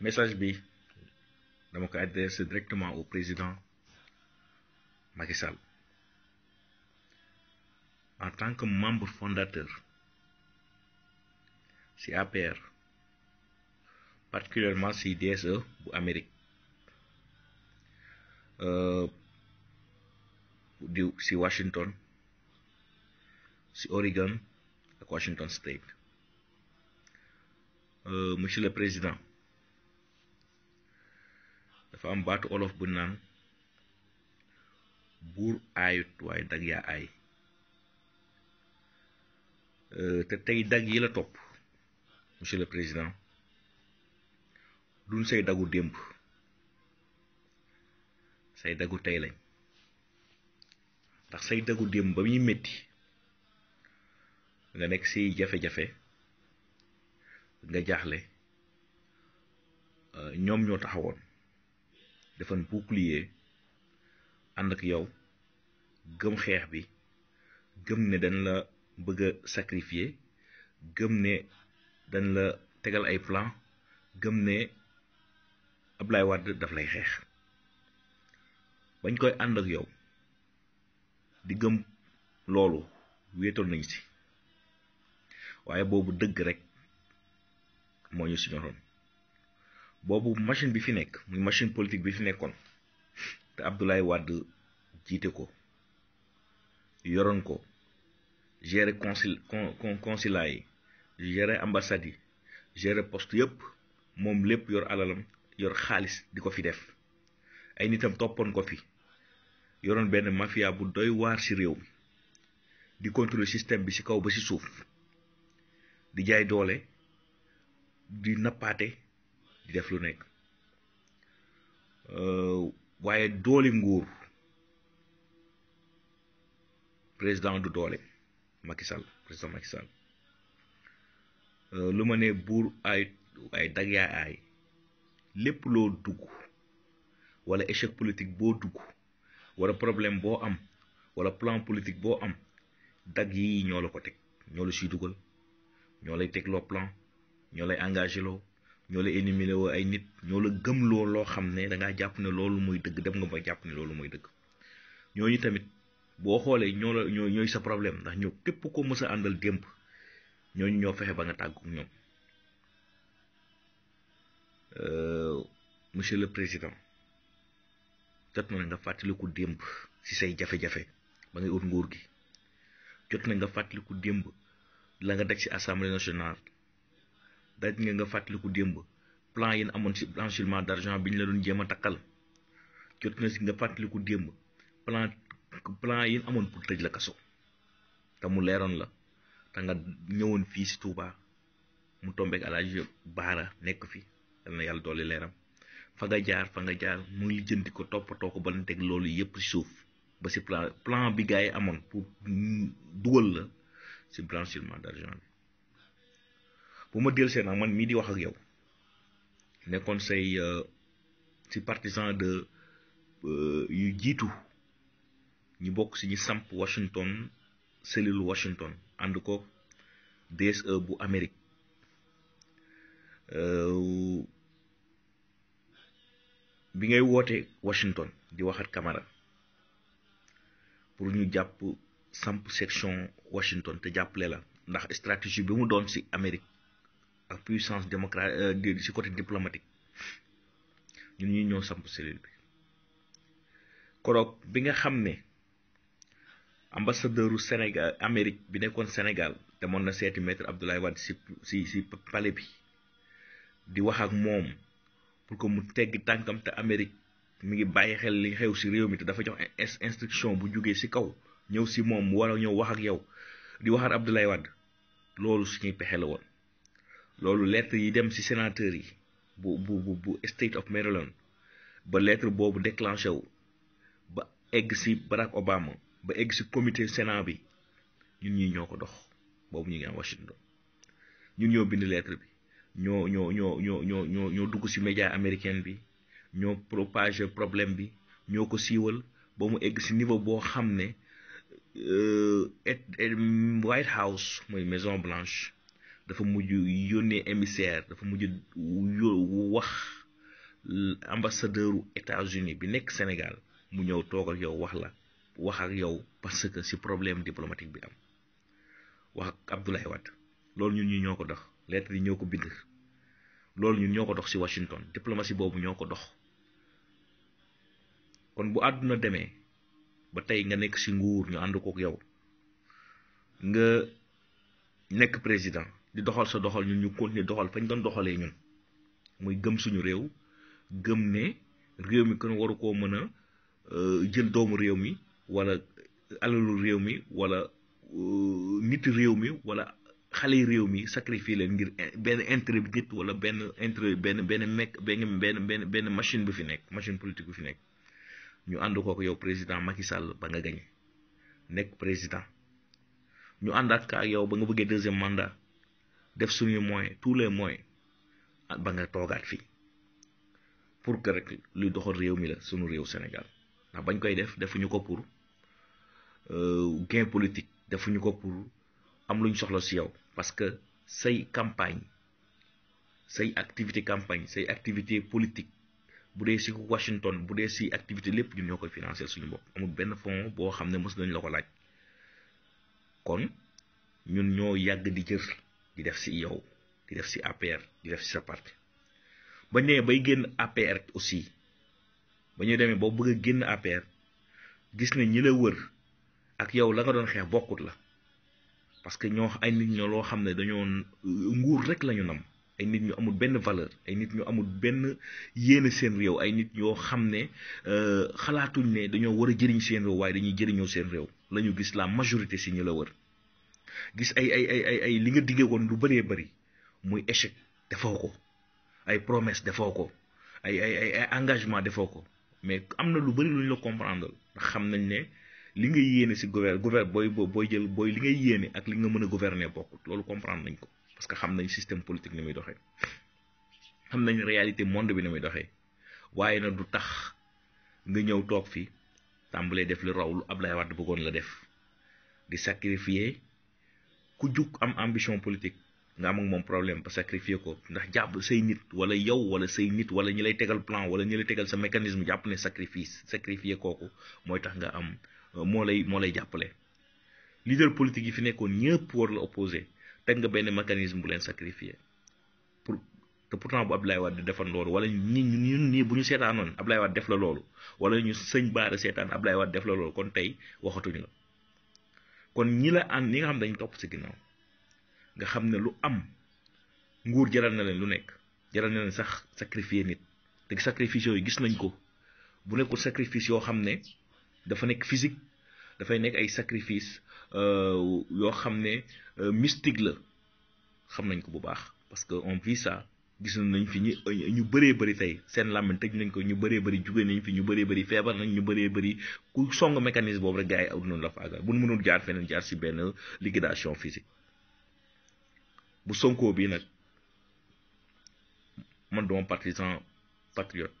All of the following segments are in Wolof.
message bi dama ko adressé directement au président Macky Sall en tant que membre fondateur ci APR particulièrement ci DSE bu amerique euh, di ci Washington ci Oregon ak Washington State euh, monsieur le président dafa am baatu olof bu naan buur aayut waaye dag yaa aay euh, te tey dag yi la topp monsieur le président duñ say dagu démb say dagu tey lañ ndax say dagu démb ba muy metti nga nekk si jafe-jafe nga jaaxle euh, ñoom ñoo taxawoon defan bouclier ànd ak yow gëm xeex bi gëm ne dañ la bëgg a sacrifier gëm ne dañ la tegal ay plan gëm ne Ablaye wàdd daf lay xeex bañ koy ànd ak yow di gëm loolu wéetoon nañ si waaye boobu dëgg rek moo ñu si ñoroon boobu machine bi fi nekk muy machine politique bi fi nekkoon te Abdoulaye Wade jiite ko yoroon ko gérer consul con consulat yi gérer ambassade yi gérer poste yëpp moom lépp yor alalam yor xaalis di ko fi def ay nitam toppoon ko fi yoroon benn mafia bu doy waar ci réew mi di contrôler système bi ci kaw ba ci suuf di jaay doole di nappaate di def lu nekk euh, waaye doole nguur président du doole makisal Sall président Macky euh, lu ma ne buur ay ay dag yaa aay lépp loo dugg wala échec politique boo dugg wala problème boo am wala plan politique boo am dagg yi ñoo la ko teg ñoo la siy dugal ñoo lay teg loo plan ñoo lay engagé loo ñoo la éliminé woo ay nit ñoo la gëmloo loo xam ne da jàpp ne loolu mooy dëgg dem nga ba jàpp ne loolu mooy dëgg ñooñu tamit boo xoolee ñoo la ñoo ñooy sa problème ndax ñoo képp ko mës a àndal démb ñooñu ñoo fexe ba nga tàggu ñoom euh, monsieur le président jot na nga fàttaliku démb si say jafe-jafe ba ngay ut nguur gi jot na nga fàttaliku démb la nga daj ci assemblée nationale. daj nga nga fàttaliku démb plan yi amoon ci blanchiment d' argent bi ñu la doon jéem a takkal jot na si nga fàttaliku démb plan plan yin amoon pour tëj la kaso te mu leeroon la te nga ñëwoon fii si Touba mu tombeek yëpp Baara nekk fi yal na yàlla dolli leeram fa nga jaar fa nga jaar mu ngi lijjanti ko toppatoo ko ba na teg loolu yëpp si suuf ba si plan plan bi gars yi amoon pour dugal la si blanchiment d' argent bi. bu ma dellusee nag man mii di wax ak yow nekkoon say ci euh, partisan de euh, yu jiitu ñu bokk ci ñu samp Washington cellule Washington ànd ko DSE bu Amérique euh, bi ngay woote Washington di waxat kamara pour ñu jàpp samp section Washington te jàppale la ndax stratégie bi mu doon si amerique puissance démocratique euh, ci côté diplomatique ñun ñu ñëw samp cellule bi koroog bi nga xam ne ambassadeuru Sénégal Amérique bi nekkoon Sénégal demoon na seeti maître Abdoulaye Wade si si si palais bi di wax ak moom pour que mu teggi tànkam Amérique mu ngi bàyyi xel li xew si réew mi te dafa jox instruction bu jógee si kaw ñëw si moom mu war a ñëw wax ak yow di waxaat Abdoulaye Wade loolu suñuy pexe la woon. loolu lettre yi dem ci sénateur yi bu bu bu state of Maryland ba lettre boobu déclenché wu ba egg ci Barack Obama ba egg ci comité sénat bi ñun ñi ñoo ko dox boobu ñu ngi am Washington ñun ñoo bind lettre bi ñoo ñoo ñoo ñoo ñoo ñoo ñoo dugg ci média américaine bi ñoo propagé problème bi ñoo ko siiwal ba mu egg ci niveau boo xam ne euh, White House mooy Maison Blanche dafa mujj yónnee émissaire dafa mujj wax ambassadeuru États-Unis bi nekk Sénégal mu ñëw toog ak yow wax la wax ak yow parce que ci problème diplomatique bi am wax ak Abdoulaye Wade loolu ñun ñu ñoo ko dox lettre yi ñoo ko bind loolu ñun ñoo ko dox ci Washington diplomatie boobu ñoo ko dox kon bu àdduna demee ba tey nga nekk ci nguur ñu ànd kook yow nga nekk président di doxal sa doxal ñun ñu continuer doxal fañ doon doxalee ñun muy gëm suñu réew gëm ne réew mi kon waru koo mën a euh, jël doomu réew mi wala alalu réew mi wala euh, nit réew mi wala xale yi réew mi sacrifier leen ngir benn intérêt bi nit wala benn intérêt benn benn mekk benn benn benn machine bu fi nekk machine politique bu fi nekk ñu ànd kooku yow président Macky Sall ba nga gañe nekk président ñu ànd ak yow ba nga bëggee deuxième mandat def suñu moyens tous les moyens ah, ba nga toogaat fii pour que rek luy doxal réew mi la suñu réew Sénégal ndax bañ koy def defuñu ko pour euh, gain politique defuñu ko pour am luñ soxla si yow parce que say campagne say activité campagne say activité politique bu dee si Washington bu dee si activité lépp ñun ñoo koy financer suñu bopp amul benn fond boo xam ne mës nañ la ko laaj kon ñun ñoo yàgg di jër di def si yow di def si APR di def si sa parti ba nee bay génn APR aussi ba ñu demee ba bëgg a génn APR gis na ñi la wër ak yow la nga doon xeex bokkut la parce que ñoo ay nit ñu loo xam ne dañoo nguur rek lañu nam ay nit ñu amul benn valeur ay nit ñu amul benn yéene seen réew ay nit ñoo xam ne euh, xalaatuñ ne dañoo war a jëriñ seen réew waaye dañuy jëriñoo seen réew la ñu gis la majorité si ñu la wër gis ay ay ay ay ay li nga diggee woon lu bëree bëri muy échec defoo ko ay promesse defoo ko ay ay ay ay engagement defoo ko mais am na lu bëri lu ñu la comprendre xam nañ ne li nga yéene si gouver gouver booy booy jël booy li ngay yéene ak li nga mën a gouverner bokkut loolu comprendre nañ ko parce que xam nañ système politique ni muy doxee xam nañ réalité monde bi ni muy doxee waaye nag du tax nga ñëw toog fi tàmbalee def lu raw lu Ablaye Wade bëggoon la def di sacrifier. ku jug am ambition politique nga am ak moom problème ba sacrifier ko ndax jàpp say nit wala yow wala say nit wala ñi lay tegal plan wala ñi lay tegal sa mécanisme jàpp ne sacrifice sacrifier kooku mooy tax nga am moo lay moo lay jàppale. leader politique yi fi nekkoon ñëpp war la opposé teg nga benn mécanisme bu leen sacrifier pour te pourtant bu Abdoulaye Wade defan loolu wala ñi ñun ñii bu ñu seetaanoon lay Wade def la loolu wala ñu sëñ Baara seetaan Abdoulaye Wade def la loolu kon tey waxatuñu la. kon ñi la ànd ñi nga xam dañ topp sa ginnaaw nga xam ne lu am nguur jaral na leen lu nekk jaral na leen sax sacrifier nit te sacrifice yooyu gis nañ ko bu nekkul sacrifice yoo xam ne dafa nekk physique dafay nekk ay sacrifice euh, yoo xam ne euh, mystique la xam nañ ko bu baax parce que on vit gis nañ fi ñu ñu bëree bëri tey seen làmmiñ tëj nañ ko ñu bëree bëri jugee nañ fi ñu bëree bëri feebar nañ ñu bëree bëri ku song mécanisme boobu rek gars yi aw noonu la faagal bu nu mënul jaar feneen jaar si benn liquidation physique bu Sonko bi nag man doon partisan patriote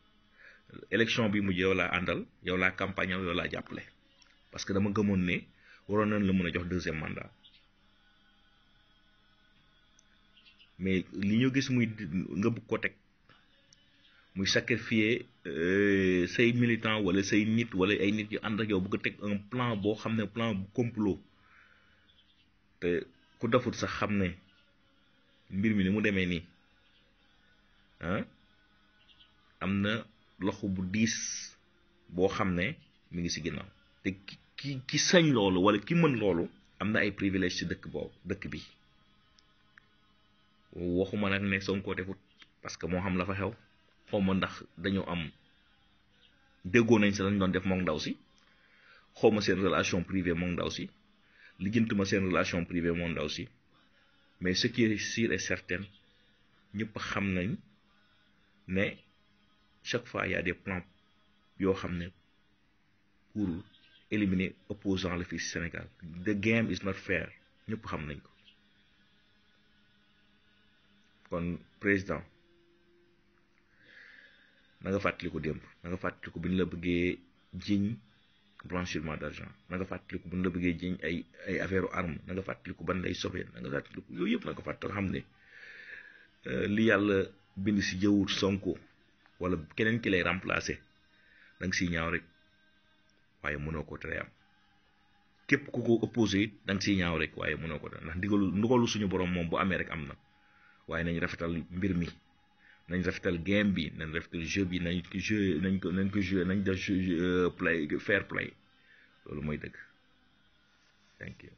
élection bi mujj yow laa àndal yow laa campagne yow laa jàppale parce que dama gëmoon ne waroon nañ la mën a jox deuxième mandat. mais li ñu gis muy nga bëgg ko teg muy sacrifier euh, say militant wala say nit wala ay nit yu ànd ak yow bëgg teg un plan boo xam ne plan bu complot te ku dafut sax xam ne mbir mi ni mu demee nii ah, am na loxo bu diis boo xam ne mu ngi ci ginnaaw te ki ki sañ loolu wala ki mën loolu am na ay privilège ci dëkk boobu dëkk bi waxuma nag ne Sonko defut parce que moo xam la fa xew xaw ma ndax dañoo am déggoo nañ sa lañ doon def moom ndaw si xaw ma seen relation privée moom ndaw si lijjantuma seen relation privée moom ndaw si mais ce qui est sûr et certain ñëpp xam nañ ne chaque fois y a des yoo xam ne pour éliminer opposant la fii Sénégal the game is not fair ñëpp xam nañ ko kon président nanga nga fàttaliku démb na nga fàttaliku bu ñu la bëggee jiñ blanchiment d'argent na nga fàttaliku bu ñu la bëggee jiñ ay ay affaire arme nanga nga fàttaliku ban lay sobee na nga fàttaliku yooyu yëpp na nga fàttaliku xam ne euh, li yàlla bind si jëwut Sonko wala keneen ki lay remplacer da si siy ñaaw rek waaye mënoo ko tere am képp ku ko opposé it da nga ñaaw rek waaye mënoo ko tere ndax ndigalu ndigalu suñu borom moom bu amee rek am na waaye nañ rafetal mbir mi nañ rafetal game bi nañ rafetal jeu bi nañ ko joué nañ ko nañ ko joué nañ def euh, play fair play loolu mooy dëkk thank you